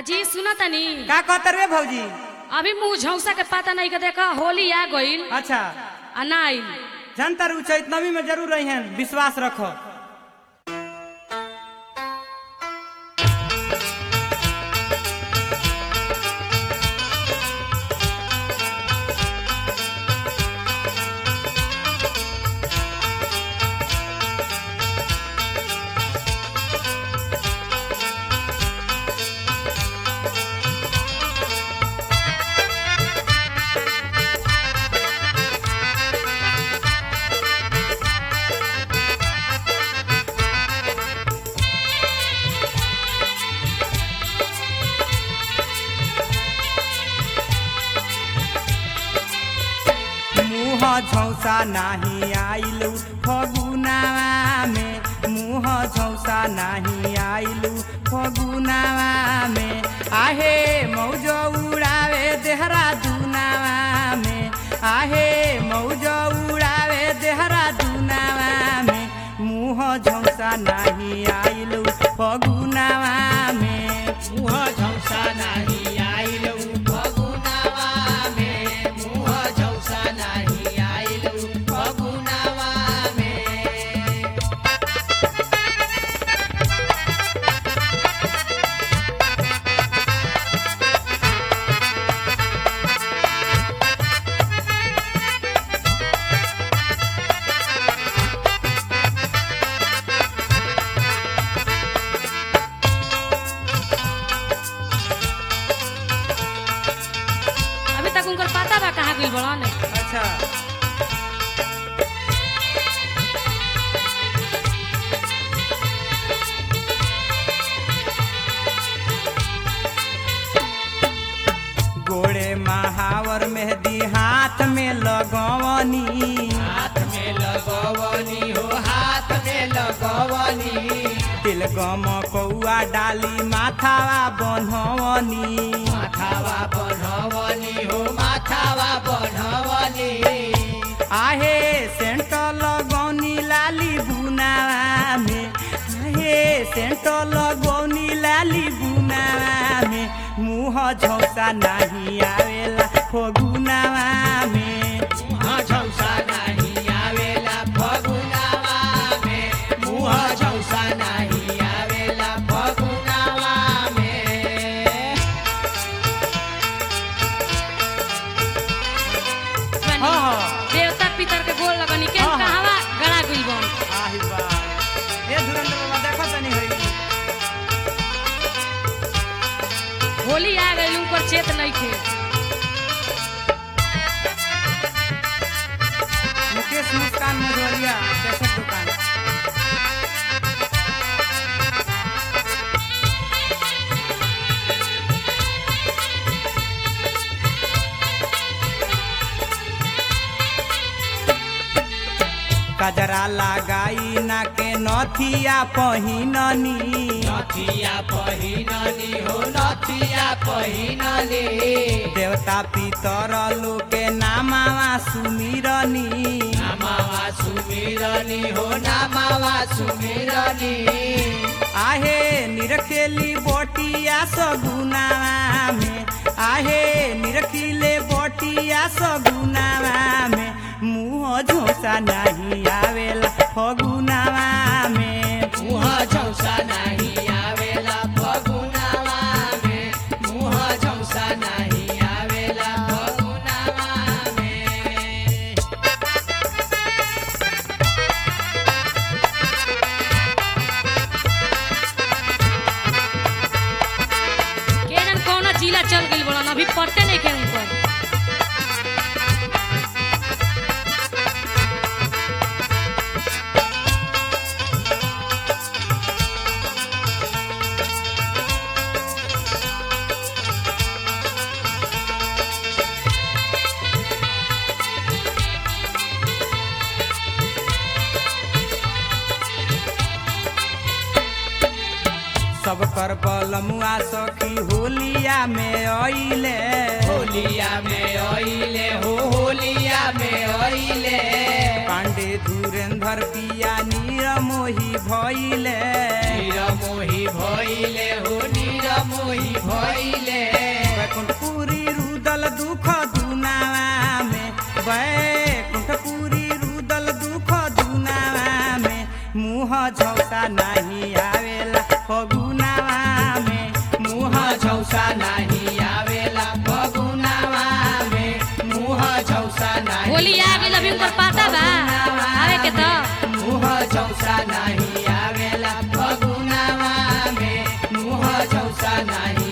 अजी सुना तनी का कहतर रे भौजी अभी मुंह झौसा के पता नहीं के देखा होली आ गइल अच्छा अनाइल जनता उचित नवी में जरूर रही विश्वास रखो झौसा नाही आइलु फगुनामे मुह झौसा नाही आइलु फगुनामे आहे मौज उडा पता कुंकर पता बा कहाँ गई ने अच्छा गोड़े महावर मेहदी हाथ में लगवनी हाथ में लगवनी हो हाथ में लगवनी तिलगम कौआ डाली माथावा बन्हवनी माथावा बन गोनी लाली बुनावा में मुँह झोसा नहीं आवेला हो गुनावा में होली आ गई ऊपर चेत नहीं थे मुकेश मुस्कान मझोलिया जैसे कजरा लगाई ना के नथिया पहिननी नथिया पहिननी हो नथिया पहिननी देवता पितर लोके नामावा सुमिरनी नामावा सुमिरनी हो नामावा सुमिरनी आहे निरखेली बोटिया सगुनावा में आहे निरखिले बोटिया सगुनावा में મુહો જોસા નહીં આવેલા ફગુનાવા મે મુહો જોસા નહીં આવેલા ફગુનાવા મે મુહો જોસા નહીં આવેલા ફગુનાવા મે केड़न कौना जिला चल गइल बोलन अभी पढ़ते नहीं के ओकर बलमुआ सखी होलिया में अइले होलिया में अइले हो होलिया में अइले पांडे धुरेंद्र पिया भैले भइले नीरमोही भइले हो नीरमोही भइले कुंठपुरी रुदल दुख दुनावा में कुंठपुरी रुदल दुख दुनावा में मुह झौसा नहीं होलिया गेल अभी ऊपर पाता बा आवे के तो मुह चौसा नहीं आवेला फगुनावा में मुह चौसा नहीं